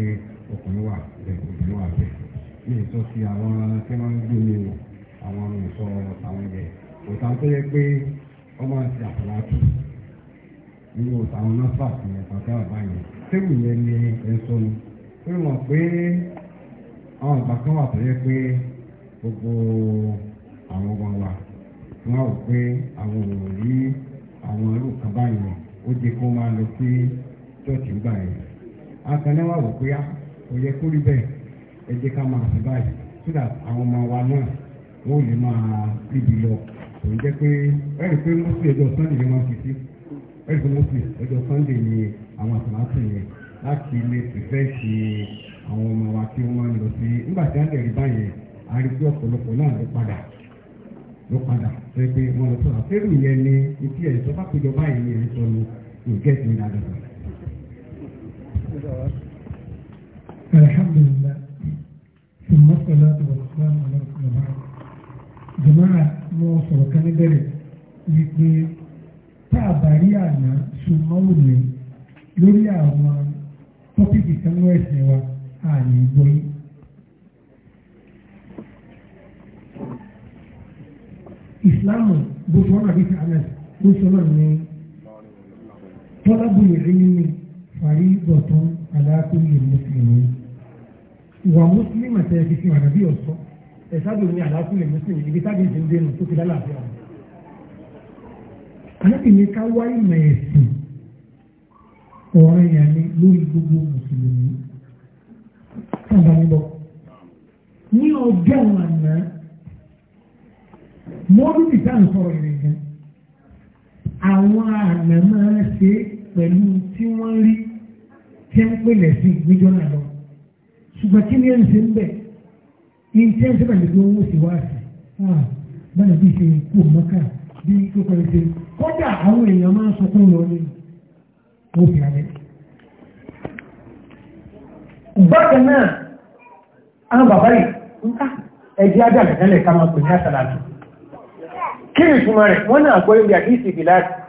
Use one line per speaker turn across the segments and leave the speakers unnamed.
pé ọkùnrin wà bẹ́ẹ̀ wà bẹ́ẹ̀ ní ìsọ sí àwọn tí wọ́n ń gbé mi wò àwọn àwọn òtá tó yẹ pé ọmọ àti nínú òtá àwọn àti àbáyé tẹ́wù yẹn ni ẹ sọ ni pé wọ́n pé àwọn kan wà tó yẹ pé gbogbo àwọn ọmọ wa wọ́n rò pé àwọn àwọn kan báyìí ó di kó máa lọ sí gbà aka wò pé ya ah, yẹ kó rí bẹ́ẹ̀ ẹ jẹ́ ká máa fi báyìí so that àwọn ọmọ wa náà wọ́n ò lè máa ríbi lọ kò ń jẹ́ pé ẹ̀rì pé mọ́sí ẹjọ́ sunday ni wọ́n fi sí ẹ̀rì pé mọ́sí ẹjọ́ sunday ni àwọn yẹn láti ṣe àwọn ọmọ wa tí wọ́n máa ń lọ sí nígbà
الحمد لله ثم الصلاة والسلام على رسول الله جماعة موصل كان بẹ̀rẹ̀ wípé táàbárí àná súnmọ́wò ní lórí àwọn tọ́pìkì kanú ẹ̀sìn wa àní gbóyí. ìsìláàmù bó ṣe wọ́n àbí sàánẹ̀ ló ṣe náà ní tọ́lábùlẹ̀ rí nínú fàrí bọ̀tún على كل المسلمين ومسلم سيكفي ونبي ọ̀sọ́ ẹ̀sáàbì òní àlàáfíà mùsùlùmí ibi tábìlì ti ń dénú tó ti lálàáfíà wọn. alábì ní ká wá ìmọ̀ ẹ̀sìn ọ̀rọ̀ ìyá ni lórí gbogbo mùsùlùmí sábà ń bọ̀. ní ọjọ́ àná mọ́dún ti tá à ń gan àwọn àná máa ń ṣe pẹ̀lú tí wọ́n rí tẹ́ ń pè lẹ́sìn níjọ́ náà lọ ṣùgbọ́n kí ni ẹ̀ ń ṣe ń bẹ̀ ní tẹ́ ń sábà lè fi owó sí wá sí ah, báyìí bí ṣe kú mọ́kà bí tó kọ́ ṣe kọ́dà àwọn èèyàn máa ń sọ fún lọ ní òbí alẹ́. bákan náà àwọn bàbá yìí ẹ̀jẹ̀ ajá àgbẹ̀tẹ́lẹ̀ ká máa pè ní àṣàlàjù kí ni ìtumọ̀ rẹ̀ wọ́n náà gbọ́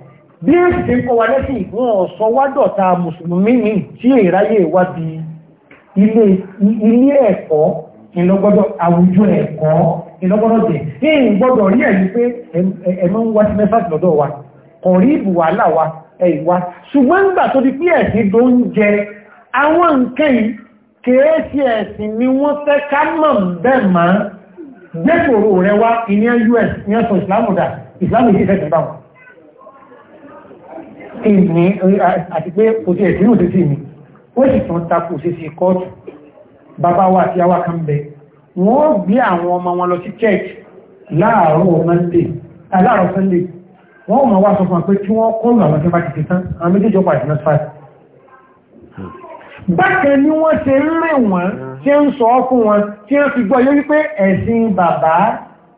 bí èsì ń kọ́ wa lẹ́sìn ìfún ọ̀sọ́ wádọ̀ta mùsùlùmí ní tí èráyè wá di ilé ẹ̀kọ́ ìlọ́gbọ́dọ̀ àwùjọ ẹ̀kọ́ ìlọ́gbọ́dọ̀ jẹ́ ní ìgbọ́dọ̀ rí ẹ̀yí pé ẹ̀mọ́ ń wá sí mẹ́fà lọ́dọ̀ wa kọ̀ rí ìbù wàhálà wa ẹ̀yìnwá ṣùgbọ́n nígbà tó di pé ẹ̀sìn tó ń jẹ àwọn nǹkan yìí kèéṣì ẹ̀sìn ni wọ́n fẹ́ ká mọ̀ bẹ́ẹ̀ máa gbẹ́kòrò rẹ wá ìní us ìyẹn sọ ìsìlámù dà ìsìlámù yìí fẹ́ ìní àti pé kò tí ẹ̀sìn òṣèṣì mi ó sì tún takò òṣèṣì kọ́ọ̀tù bàbá wa àti àwa kan bẹ wọ́n gbé àwọn ọmọ wọn lọ sí church láàárọ̀ Monday aláàrọ̀ Sunday wọ́n mọ̀ wá sọ fún pé kí wọ́n kọlù àwọn tẹ́bà ti tán àwọn méjèèjì ọpa ìdíná sáàtì bákan ní wọ́n ṣe ń rìn wọ́n tí ń sọ fún wọn tí ń fi gbọ́ yóò wípé ẹ̀sìn bàbá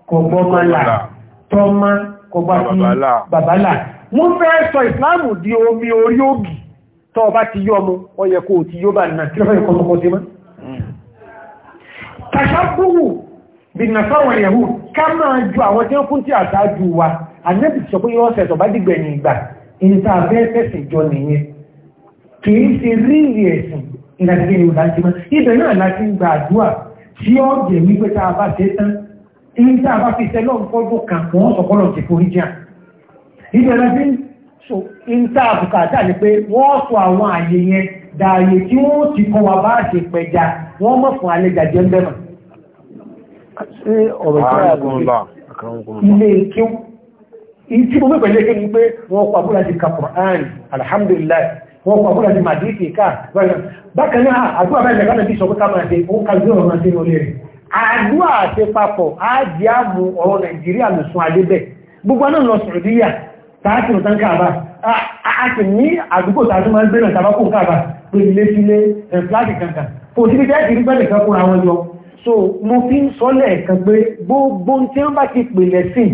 kò gbọ́mọ́là mú fẹ́ sọ ìsìláàmù di omi orí ògì tọ́ ọba ti yọ mú ọyẹ kó ti yóò bá nà kílọ́fẹ́ ìkọ̀ọ̀kọ̀ sí mọ́ tàṣàkúrù bí nàfáwọn yẹ̀hù ká máa ju àwọn tí ó kún tí àtàjú wa ànẹ́bì sọ pé yọ́ ọ̀sẹ̀ tọ́bá dìgbẹ̀yìn ìgbà ìta abẹ́ẹ̀fẹ́sì jọ ìbẹ̀rẹ̀ sí so ìta àbùkàtà ni pé wọ́n sọ àwọn àyè yẹn dààyè tí wọ́n ti kọ́ wa bá ṣe pẹja wọ́n mọ̀ fún alẹ́jà jẹ́ mbẹ́mọ̀ ilé kíw wọ́n pa búra alhamdulillah màdíkì ká bákan náà àdúrà mẹ́rin lẹ́gbẹ́ bí sọ ká máa ṣe ó kàjú ọ̀rọ̀ máa rẹ̀ àti papọ̀ ọ̀rọ̀ Nàìjíríà adébẹ̀ gbogbo náà tààtì òtán kàbà a ti ní àdúgbò tààtì máa ń gbé náà tàbákùn kàbà pé ilé sílé fláàkì kankan kò sí bíjẹ́ ìrí pẹ́lẹ̀ kan fún àwọn yọ so mo fi ń sọ lẹ́ẹ̀kan pé gbogbo tí wọ́n bá ti pè lẹ́sìn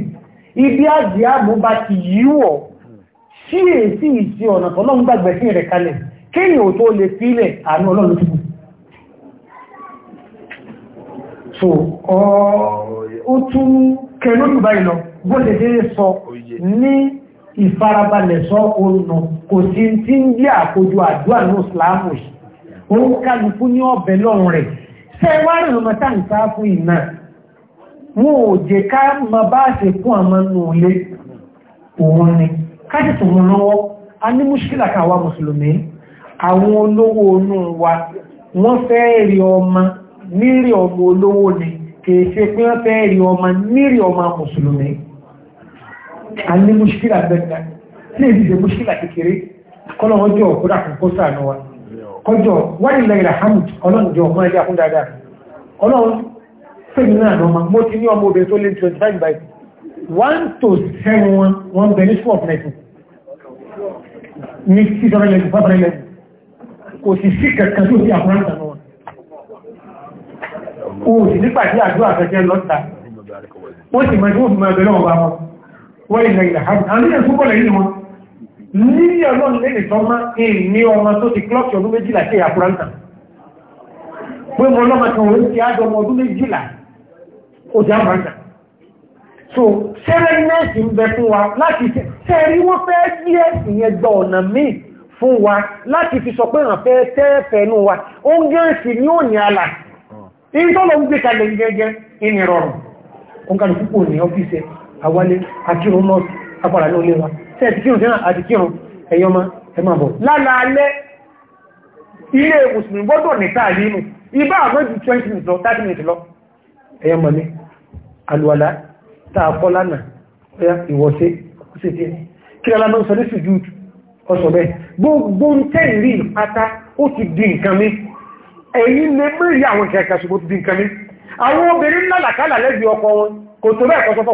ibi àjẹ́ àmú bá ti yíwọ̀ sí èsì ìsì ọ̀nà tọ́lọ́run gbàgbẹ́ sí rẹ̀ kalẹ̀ kéèyàn ò tó lè fílẹ̀ àánú ọlọ́run tó kù so ó tún ìfarabalẹ̀ sọ ònà kò sí tí ń bí àkójọ àdúrà ní ìsìláàmù yìí ó ń kálukú ní ọ̀bẹ̀ lọ́rùn rẹ̀ ṣé wá rìn ọmọ tá ń sá fún ìná wọn ò jẹ́ ká máa bá ṣe fún àmọ́ nù ilé òun ni ká sì tún lọ́wọ́ a ní múṣkìlà káwa mùsùlùmí àwọn olówó inú wa wọ́n fẹ́ rí ọmọ nírì ọmọ olówó ni kì pé wọ́n fẹ́ rí ọmọ nírì ọmọ mùsùlùmí a ní múṣkílà bẹ̀rẹ̀ ní ìdíje múṣkílà kékeré kọ́lọ̀wọ́jọ́ ọ̀kúrà fún kọ́sà náà kọjọ wáyé lẹ́yìn hamid ọlọ́njọ́ ọmọ ẹgbẹ́ akún dáadáa ọlọ́run fèmí náà lọ ma mo ti ní ọmọ obìnrin tó lé 25 by 1 to 7 wọn wọn bẹ̀rẹ̀ school of medicine ní 611 kò sì sí kankan tó sí o sì nípa tí wọ́n ilẹ̀ ilẹ̀ hajj àníyàn tó kọ́lẹ̀ nínú wọn ní ọlọ́run lẹ́nì tó má ní ọmọ tó ti klọ́ọ̀kì ọdún méjìlá sí àkúrántà pé mo lọ́mọ kan wọ́n ti so sẹ́rẹ́ nẹ́ẹ̀sì ń bẹ fún wa láti sẹ́rí wọ́n wa láti fi sọ pé hàn fẹ́ tẹ́ẹ̀fẹ́ nú wa ó ń gẹ́ ẹ̀sìn ní òní àlà ìtọ́lọ́ ń gbé kalẹ̀ gẹ́gẹ́ ìnirọ̀rùn ó ń àwálé akírun náà apàrà ní olé wa tí ẹ̀ ti kírun sẹ́nà àti kírun ẹ̀yọ́má ẹmà bọ̀ lálàálẹ́ ilé mùsùlùmí gbọ́dọ̀ ní táàlì inú ibá àwọn jù 20 minutes lọ 30 minutes lọ ẹ̀yọ́mà ní alùwàlá tààkọ́ lánàá ìwọ̀sẹ́ kúsẹ̀ tí kí lọ́lá mọ́ sọdé sùjú ọ̀sọ̀ bẹ́ gbogbo ń tẹ́rì pátá ó ti di nǹkan mi ẹ̀yìn lè mẹ́rin kọ́ sọ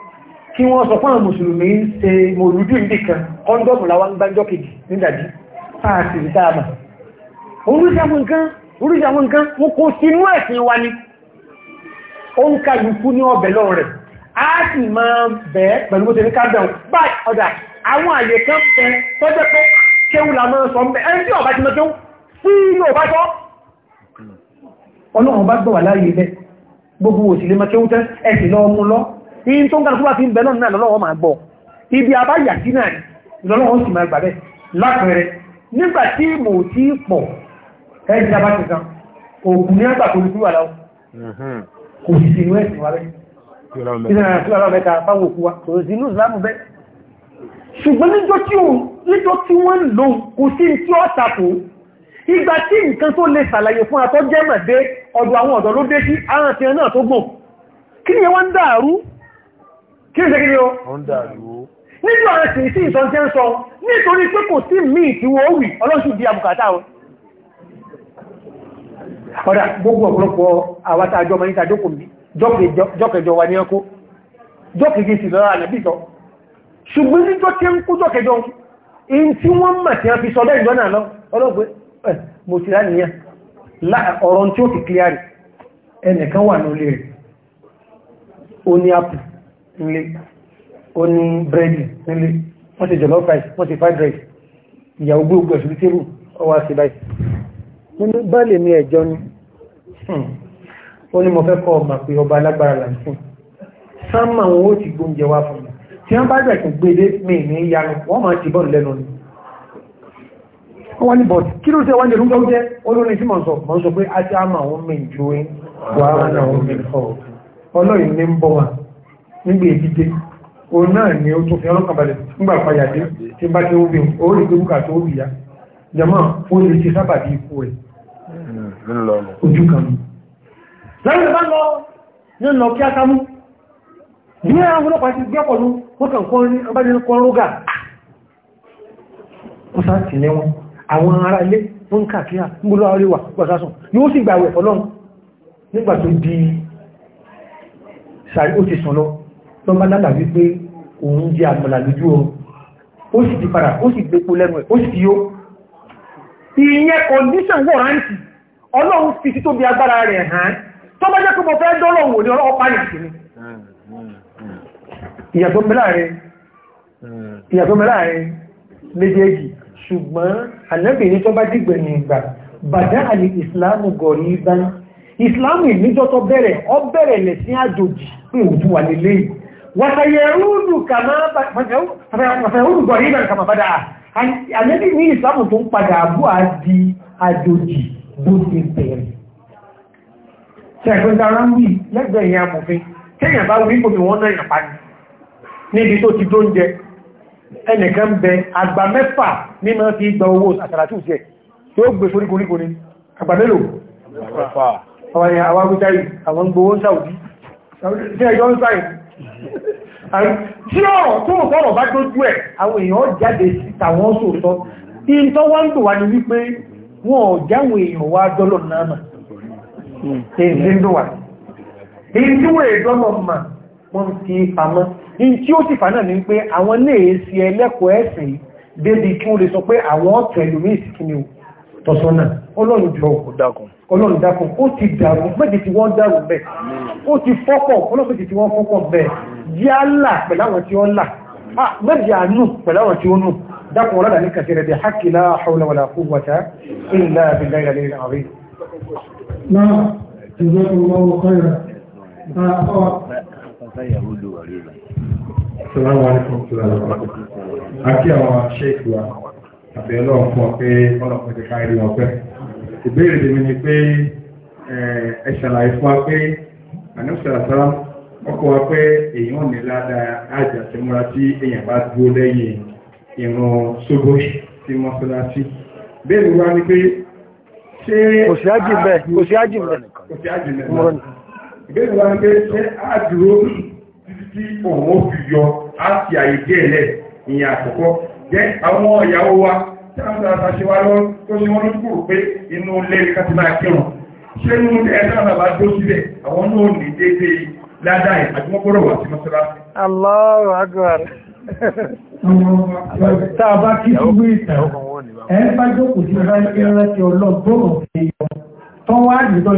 kí wọ́n sọ fún àwọn mùsùlùmí ṣe mòlúdú ìdí kan kọ́ndọ̀mù láwọn ń gbájọ́ kejì nídàjí sáàtì ìdáàmà oríṣi nǹkan wọ́n kó sínú ẹ̀sìn wa ni ó ń ka yùkú ní ọbẹ̀ lọ rẹ̀ a sì máa bẹ̀ẹ́ pẹ̀lú bó ṣe ní kábẹ̀ ọ̀dà àwọn àyè kan bẹ tọ́jẹ́ pé kéwù la máa sọ mẹ́ ẹni tí ọba ti mọ́ kéwù sí ilé ọba tọ́ ọlọ́run bá gbọ́ wà láàyè in tó ń kàrùkú bá fi ń bẹ lọ́nà lọ́wọ́ máa gbọ́ ibi àbáyà sí náà lọ́wọ́ sì máa gbàbẹ́ lápẹẹrẹ nígbà tí mò tí pọ̀ ẹ̀yìn abá ti kan òkú ní àgbà kòrò kúrò aláwọ̀ kò sì sínú ẹ̀sìn wa bẹ́ ṣùgbọ́n níjọ́ tí wọ́n lò kò sí tí ó tàkò ìgbà tí nǹkan tó lè sàlàyé fún àtọ́jẹ́mọ̀ dé ọdọ̀ àwọn ọ̀dọ́ ló dé sí àwọn tí ẹ náà tó gbò kí ni wọ́n dáàrú kí ní ṣe kí ní o nínú àwọn ẹ̀sìn sí ìsọ́n tí ń sọ nítorí pé kò sí míì tí wọ́n wì ọlọ́sù di àbùkátà wọn ọ̀dá gbogbo ọ̀pọ̀lọpọ̀ àwátá àjọ ọmọ níta jọ́kẹjọ wà ní ọkó jọ́kẹjì sí lọ́rọ̀ àyàbí sọ ṣùgbọ́n ní jọ́kẹ ń kú jọ́kẹjọ in tí wọ́n mọ̀ tí wọ́n fi sọ bẹ́ẹ̀ jọ́nà eh, ọ̀rọ̀ tí ó ti kílíà rẹ̀ ẹnìkan wà nílé rẹ̀ ó ní àpù nílé ó ní búrẹ́dì nílé wọ́n ti jọlọ́ fàí wọ́n ti fried rice ìyàwó gbogbo ẹ̀ṣù tírù ọwá sí báyìí mo ní báàlì ní ẹ̀jọ́ ni hmm. ó ní mo fẹ́ kọ́ ọmọ pé ọba alágbára là ń sìn sáàmà wọn ó ti gbóúnjẹ wá fún mi tí wọ́n bá jà kí gbélé mi ní yanu wọ́n máa ti bọ́ọ̀lù lẹ́nu ni wọ́n ní bọ́ọ̀tì kí ló ṣe wọ́n ní ìlú olórin sí mọ̀ọ́sọ̀ mọ̀ọ́sọ̀ pé á ti á máa wọn mẹ́jọ wàhálà wọn mẹ́jọ ọlọ́yìn ní ń bọ̀ nígbà ìdíje òun náà ni ó tó fi ọlọ́kàn balẹ̀ nígbà payàdé tí bá ti wóbi ó rí pé tó ya jama ó lè ṣe sábàbí ikú ẹ̀ ojú kan mú. lẹ́yìn bá lọ ní lọ kí á sámú bí i àwọn ọlọ́pàá ti gbẹ́pọ̀ ló wọ́n kàn kọ́ ní abájẹ́kọ́ rógà wọ́n sá ti lẹ́wọ́n àwọn ará ilé wọ́n kàkíyà ń gbọ́sásùn ni ó sì tó bá lálà wípé òun jẹ àmàlà lójú oorun ó sì ti padà ó sì gbépo lẹ́nu ẹ̀ ó sì yó ìyẹn condition wọ̀rántì ọlọ́run fi sí tó bí agbára rẹ̀ hàn tó bá jẹ́ pé mo fẹ́ dọ́lọ́run òní ọlọ́run pààyàn ni ìyàtọ̀ mẹ́lá rẹ̀ ìyàtọ̀ mẹ́lá rẹ̀ méjèèjì ṣùgbọ́n àlẹ́bìnrin tó bá dìgbẹ̀yìn ìgbà bàdá àlè ìsìláàmù gọ̀rí wàtàyẹ̀rúdù kàmá wàtàyẹ̀rúdù gọ̀rí náà kàmà padà àlébí ní ìsìlámù tó ń padà bú di àjòjì bó ti bẹ̀rẹ̀ ṣẹ̀gbọ́n dára ń wí lẹ́gbẹ̀ẹ́ ìyá amòfin kéèyàn bá wí gbòmí wọn náà yàpá ni níbi tó ti dóúnjẹ ẹnìkan bẹ àgbà mẹ́fà ní máa fi gba owó àtàràtù tó gbé sórí ni àgbà mélòó àwọn àwọn agbẹ́jáyì àwọn gbowó sáwùdí tí ọ̀rọ̀ tó mọ̀ sọ́rọ̀ bá dójú ẹ̀ àwọn èèyàn jáde síta wọ́n sòótọ́ tí n tọ́ wá ń tò wá ní wípé wọn ò jáwọn èèyàn wá dọ́lọ̀ náà mà èyí ń dùn wà èyí tí wọ́n èèyàn dọ́lọ̀ mà wọ́n fi pamọ́ ní tí ó sì fà náà ni pé àwọn lè ṣe ẹlẹ́kọ̀ọ́ ẹ̀sìn débi kí wọ́n lè sọ pé àwọn ọ̀tọ̀ ẹlòmíì sí ni o tọ́sọ́nà ọlọ́run jọ ọlọ́run dákun ó ti dàrú méjì tí wọ́n dàrú bẹ́ẹ̀ ó ti fọ́pọ̀ ọlọ́pẹ̀jì tí wọ́n fọ́pọ̀ bẹ́ẹ̀ yálà pẹ̀láwọn tí ó là méjì àánú pẹ̀láwọn tí ó nù dákun ọlọ́dà ní kàtẹ̀rẹ̀ dẹ̀ hákìlá haula wala quwwata illa billahi al-aliyyil azim
Assalamu alaikum. Àkí àwọn ṣe ìwà àbẹ̀ ọlọ́run fún ọ pé ọlọ́pàá ti kárí wọn pẹ́. ìbéèrè tèmi ni pé ẹ ṣàlàyé fún wa pé àníṣàṣà ọkọ̀ wa pé èèyàn ní ládàá àjàṣemúra tí èèyàn bá dúró lẹ́yìn ìrun ṣógbó sí mọ́ṣáláṣí. bẹ́ẹ̀ ni wá ní pé ṣé kò sí ájì bẹ́ẹ̀ kò sí ájì bẹ́ẹ̀ kò sí ájì ni pé ṣé àdúró tí òun ó fi yọ á àyè díẹ̀ lẹ̀ ìyẹn àkọ́kọ́ jẹ́ àwọn ìyàwó wa tí a ń tàbí àṣẹwà lọ tó ṣe wọ́n lókù pé inú ilé kàtí máa kírùn ṣe inú ẹ̀ẹ́sà àbá tó sílẹ̀ àwọn náà ní dédé ládáì àjúmọ́gbọ́rọ̀ wà sí mọ́sálásí